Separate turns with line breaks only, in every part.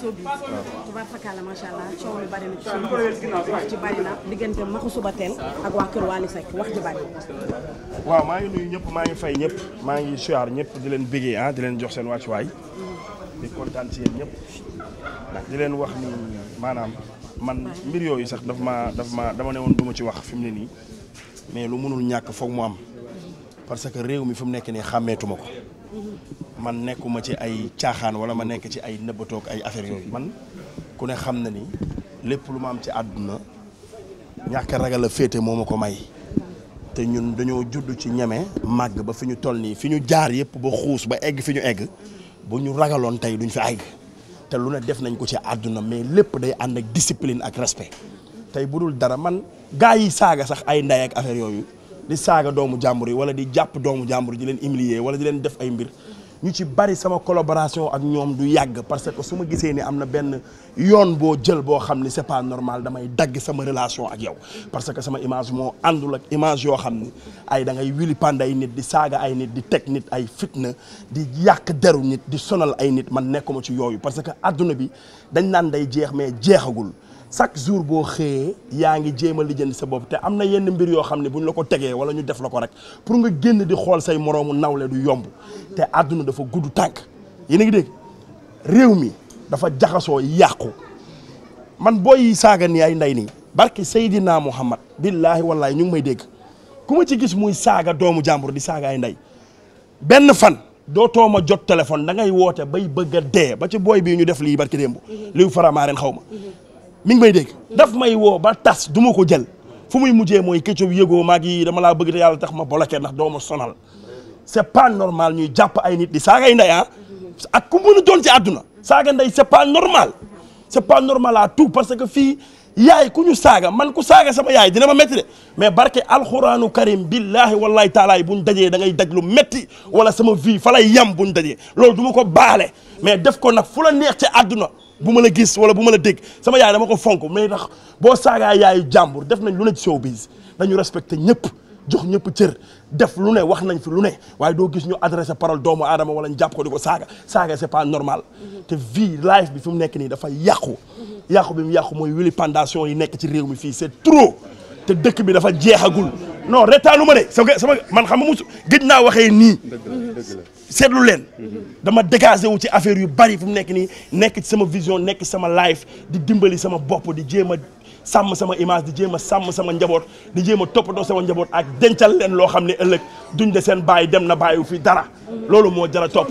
sóobu tubaab diggante maxu suba teel ak waa kër Waly Seck wax ci bari waaw maa ngi nuyu ñëpp maa ngi fay ñëpp maa ngi siyaar ñëpp di leen bégee ah di leen jox seen wàccuwaay di kontaan ci yéen ñëpp ndax di leen wax ni maanaam man mbir yooyu sax dafa ma daf ma dama ne woon du ma ci wax fi mu ne nii mais lu mënul ñàkk foog mu am parce que réew mi fi mu nekk nii xàmmeetuma ko man nekkuma ci ay caaxaan wala ma nekk ci ay nëbbatoog ay affaire yooyu man ku ne xam na ni lépp lu ma am ci àdduna ñàkk ragal a féete moom ma ko may te ñun dañoo judd ci ñeme màgg ba fi ñu toll nii fi ñu jaar yëpp ba xuus ba egg fi ñu egg bu ñu ragaloon tey duñ fi egg te lu ne def nañ ko ci àdduna mais lépp day ànd ak discipline ak respect tey bu dul dara man gaa yi saaga sax ay ndey ak affaire yooyu di saaga doomu jàmbur yi wala di jàpp doomu jàmbur di leen humilier wala di leen def ay mbir ñu ci bari sama collaboration ak ñoom du yàgg parce que su ma gisee ni am na benn yoon boo jël boo xam ni c'est pas normal damay dagg sama relation ak yow parce que sama image moo àndul ak image yoo xam ni ay da ngay wili pand ay nit di saaga ay nit di teg nit ay fitna di yàq deru nit di sonal ay nit man nekkuma ci yooyu parce que adduna bi dañ naan day jeex mais jeexagul chaque jour boo xëyee yaa ngi jéem a jënd sa bopp te am na yenn mbir yoo xam ne bu ñu la ko tegee wala ñu def la ko rek pour nga génn di xool say moroomu nawle du yomb te àdduna dafa gudd tànk yéen a ngi dégg réew mi dafa jaxasoo yàqu man booy yi saaga ni ay ndey nii barki Seydina Muhammad billaahi wallaahi ñu ngi may dégg ku ma ci gis muy saaga doomu jàmbur di saaga ay ndey benn fan dootoo ma jot téléphone da ngay woote bay bëgg a dee ba ci booy bii ñu def lii barki démb mhm. liw faramaaren xaw ma mhm. mi ngi may dégg daf may woo ba tas du ma ko jël fu muy mujjee mooy Ketchup yëgoo maa ngi dama laa bëgg te yàlla tax ma bloqué ndax doo ma sonal c'est pas normal ñuy jàpp ay nit di saagay ndey a ah. ak ku mën a doon ci àdduna saaga ndey c'est pas normal c'est pas normal à tout parce que fii yaay ku ñu saaga man ku saaga sama yaay dina ma métti de mais barke alxuraanu karim billahi wallahi taalaay bu ñu dajee da ngay daj lu métti wala sama vie fa lay yam bu ñu dajee loolu du ko baale mais def ko nag fu la neex ci àdduna bu ma la gis wala bu ma la dégg sama yaay dama ko fonk mais ndax boo saagaa yaay jàmbur def nañ lu ne ci showbiz dañu respecté ñëpp jox ñëpp cër def lu ne wax nañ fi lu ne waaye doo gis ñu adressé parole doomu aadama wala ñu jàpp ko di ko saaga saaga c'est pas normal mhm. te vie life bi fi mu nekk nii dafa yàqu mhm. yàqu bi mu yàqu mooy wili pendation yi nekk ci réew mi fii c'est trop te dëkk bi dafa jeexagul non retaanu ma de sama sama man xam mu musu gëj naa waxee nii. seetlu leen. Mhm. dama dégagé wu ci affaire yu bari fu mu nekk nii nekk ci sama vision nekk sama life di dimbali sama bopp di jéem a sàmm sama image di jéem a sàmm sama njaboot di jéem a doo sama njaboot ak dencal leen loo xam ne ëllëg duñ de seen bàyyi dem na bàyyiwu fi dara. Mhm. loolu moo jar a topp.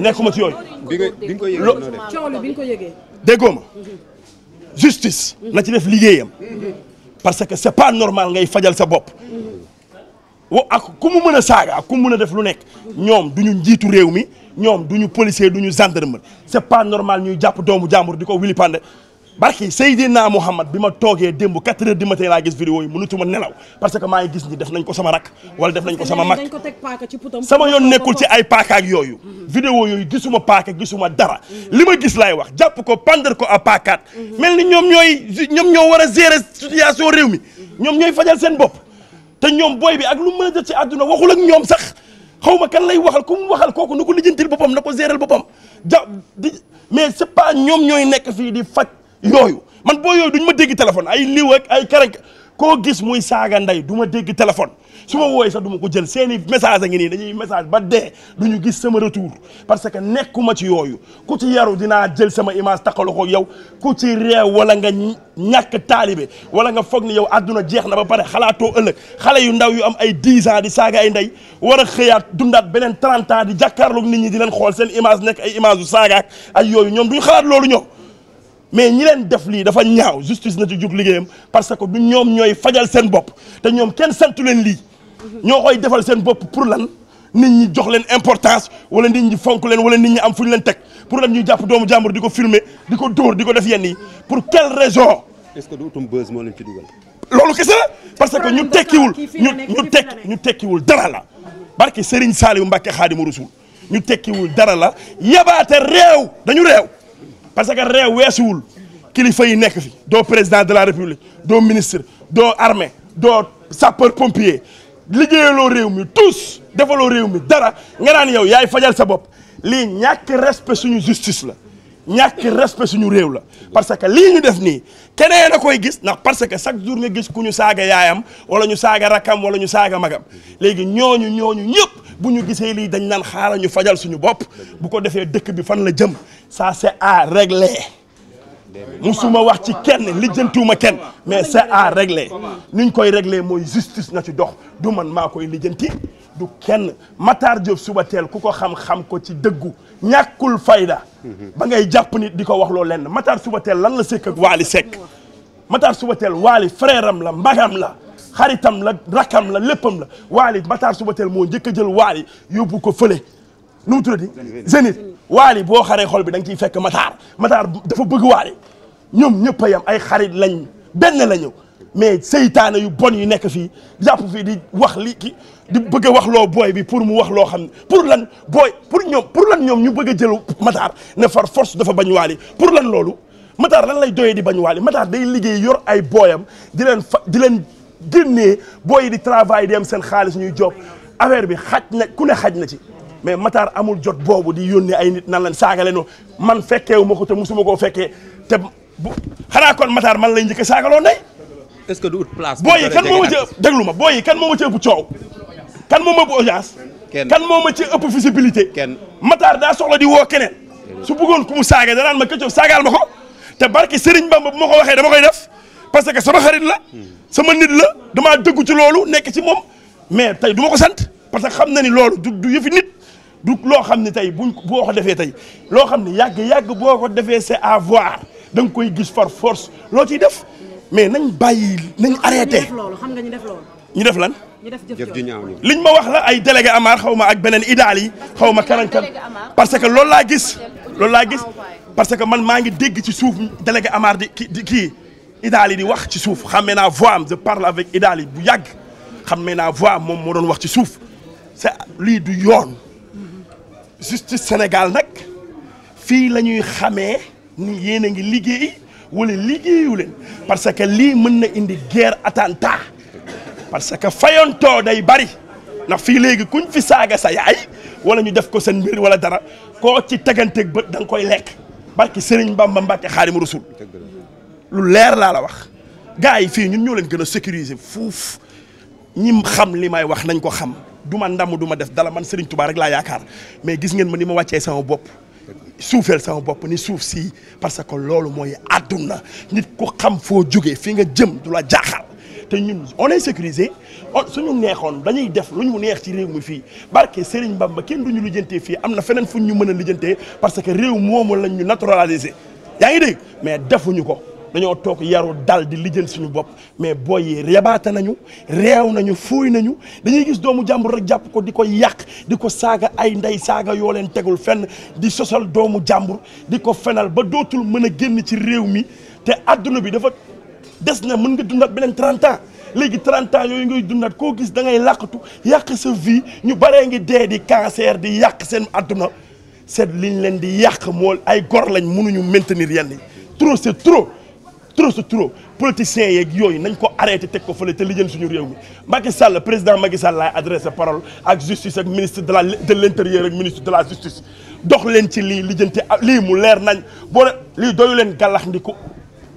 nekkuma ci yooyu. bi nga bi nga ko yëgee déggoo ma mhm. justice. na ci def liggéeyam. parce que c'est pas normal ngay fajal sa bopp wa ak ku mu mën a saaga ak ku mu mën a def lu nekk ñoom du ñu njiitu réew mi ñoom du ñu policier du ñu gendarme c'est pas normal ñuy jàpp doomu jàmbur di ko wilipande barki Seydina Mouhamad bi ma toogee démb 4 heures du matin laa gis vidéo yi mënutuma nelaw parce que maa ngi gis ni def nañ ko sama rak wala def nañ ko sama mag sama yoon nekkul ci ay paaka ak yooyu vidéo yooyu gisuma paaka gisuma dara li ma gis laay wax jàpp ko pendre ko à paakaat mel ni ñoom ñooy ñoom ñoo war a gérer situation réew mi ñoom ñooy fajal seen bopp te ñoom booy bi ak lu mën a ci àdduna waxul ak ñoom sax xaw ma kan lay waxal ku mu waxal kooku na ko lijjantil boppam na ko gérer boppam ja di mais c'est pas ñoom ñooy nekk fii di faj yooyu man boo yooyu duñ ma dégg téléphone ay liw ak ay karank koo gis muy saaga ndey du ma dégg téléphone su ma wooyee sax du ma ko jël seeni message a ngi nii dañuy message ba dee du ñu gis sama retour parce que nekkuma ci yooyu ku ci yaru dinaa jël sama image takkaloo ko yow ku ci réew wala nga ñàkk taalibe wala nga foog ni yow adduna jeex na ba pare xalaatoo ëllëg xale yu ndaw yu am ay 10 ans di saaga ay ndey war a xëyaat dundaat beneen 30 ans di jàkkaarloog nit ñi di xool seen image nekk ay image yu saagaak ay yooyu ñoom duñ xalaat loolu ñoom mais ñi leen def lii dafa ñaaw justice na ci jug liggéeyam parce que du ñoom ñooy fajal seen bopp te ñoom kenn santu leen lii ñoo koy defal seen bopp pour lan nit ñi jox leen importance wala nit ñi fonk leen wala nit ñi am fu ñu leen teg pour lan ñu jàpp doomu jàmbur di ko filmer di ko dóor di ko def yenn yi pour quelle raison. est-ce que du utum buzz moo leen ci dugal. loolu kese la parce que ñu tekkiwul ñu ñu tekki ñu tekkiwul dara la barke Serigne Saliou xaadi mu Rasuul ñu tekkiwul dara la yabaate réew dañu réew. parce que réew weesuwul kilifa yi nekk fi doo président de la république doo ministre doo armee doo sapeur pompier liggéeyaloo réew mi tous defaloo réew mi dara nga naan yow yaay fajal sa bopp lii ñàkk respect suñu justice la ñàkk respect suñu réew la parce que lii ñu def nii keneen a koy gis ndax parce que chaque jour nga gis ku ñu saaga yaayam wala ñu saaga rakkam wala ñu saaga magam léegi ñooñu ñooñu ñëpp bu ñu gisee lii dañ naan xaaral ñu fajal suñu bopp bu ko defee dëkk bi fan la jëm saa c'est à régler musuma wax ci kenn lijjantiwuma kenn mais c'est à régler niñ koy régler mooy justice na ci dox du man maa koy lijjanti du kenn Matar Diop suba teel ku ko xam-xam ko ci dëggu ñàkkul fayda ba ngay jàpp nit di ko wax loo lenn Matar suba teel lan la sekk ak Waly Seck suba teel Waly frère am la mbagam la xaritam la rakam la léppam la Waly Matar suba teel moo njëkk a jël Waly yóbbu ko fële nu mu tuddati Zénith waali boo xaree xol bi da nga ciy fekk mataar mataar dafa bëgg waali ñoom ñëpp yam ay xarit lañ benn lañu mais seytaane yu bon yu nekk fii jàpp fii di wax li ki di bëgg a wax loo booy bi pour mu wax loo xam ne pour lan booy pour ñoom pour lan ñoom ñu bëgg a jël mataar ne far force dafa bañ waali pour lan loolu mataar lan lay doyee di bañ waali mataar day liggéey yor ay booyam di leen fa di leen génnee booy di travail di am seen xaalis ñuy job affaire bi xaj na ku ne xaj na ci mais Matar amul jot boobu di yónni ay nit nan lañ saaga leen man fekkeewu ma ko te musuma koo fekkee te bu xanaa kon Matar man lay njëkk saagaloon day. est-ce que du ut booy yi kan moo ma ci ëpp ma booy yi kan moo ma ci ëpp coow. kan moo ma ëpp audience. kan moo ma ci ëpp visibilité. kenn Matar daa soxla di woo keneen. su buggoon ku mu saaga danaan ma Ketchup saagaal ma ko. te barke Serigne Bamba bu ma ko waxee dama koy def parce que sama xarit la. sama nit la damaa dëggu ci loolu nekk ci moom. mais tey du ma ko sant parce que xam na ni loolu du du nit. du loo xam ne tey buñ boo defee tey loo xam ne yàgg-yàgg boo ko defee c'est à voir da koy gis par force loo ciy def mais nañ bàyyi nañ arrêté xam nga ñu def loolu ñu def lan liñ ma wax la ay délégué Amar xaw ma ak beneen idaal yi xaw ma karankan parce que loolu laa gis loolu laa gis parce que man maa ngi dégg ci suuf délégué amaar di di kii idaal yi di wax ci suuf xammee naa voix am je parle avec idaali bu yàgg xammee naa voix am moom moo doon wax ci suuf c'est lii du yoon justice Sénégal nag fii la ñuy xamee ni yéen a ngi liggéey wala liggéeyu parce que lii mën na indi guerre attentat parce que fayantoo day bari ndax fii léegi kuñ fi saaga sa yaay wala ñu def ko seen mbir wala dara ko ci teganteeg bët da nga koy lekk barki Serigne Bamba Mbacke Xaadimu Rasuul lu leer laa la wax gars yi fii ñun ñoo leen gën a sécuriser fuuf ñim xam li may wax nañ ko xam du ma ndam du def dala man Serigne la yaakaar mais gis ngeen ma ni ma wàccee sama bopp suufeel sama bopp ni suuf si parce que loolu mooy àdduna nit ku xam foo jugee fii nga jëm du la jaaxal te ñun on est sécurisé on suñu neexoon dañuy def lu ñu neex ci réew mi fii barke Serigne Bamba kenn du ñu lijjantee fii am na feneen fu ñu mën a lijjantee parce que réew moomu lañ ñu naturalisé yaa ngi dégg mais defuñu ko. dañoo toog yaru dal di lijjal suñu bopp mais booy yi rebaata nañu réew nañu fuuy nañu dañuy gis doomu jàmbur rek jàpp ko di ko yàq di ko saaga ay ndey saaga yoo leen tegul fenn di sosal doomu jàmbur di ko fenal ba dootul mën a génn ci réew mi te adduna bi dafa des na mën nga dundat beneen 30 léegi 30 ans yooyu ngay dundat koo gis dangay ngay làqatu yàq sa vie ñu baree ngi dee di cancer di yàq seen adduna seet liñ leen di yàq moo ay gor lañ mënuñu maintenir yenn yi trop c'est trop sa trop politiciens yeeg yooyu nañ ko arrêté teg ko fële te lijjal suñu réew mi Macky Sall président Macky Sall laay adressé parole ak justice ak ministre de la de l' intérieur ak ministre de la justice dox leen ci lii lijjanti lii mu leer nañ boo de lii doyu leen gàllax ndiku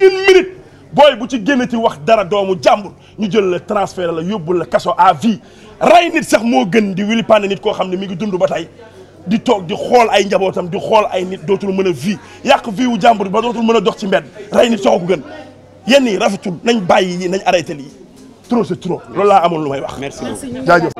une minute booy bu ci génn ci wax dara doomu jàmbur ñu jël la transfert la yóbbu la kaso à vie rey nit sax moo gën di wili paane nit koo xam ne mi ngi dund ba tey di toog di xool ay njabootam di xool ay nit dootul mën a vie yàq vie wu jàmbur ba dootul mën a dox ci mbedd rey nit soo ko gën yenn yi rafetul nañ bàyyi yi nañ arrêté lii trop c'est trop loolu laa amoon lu may wax.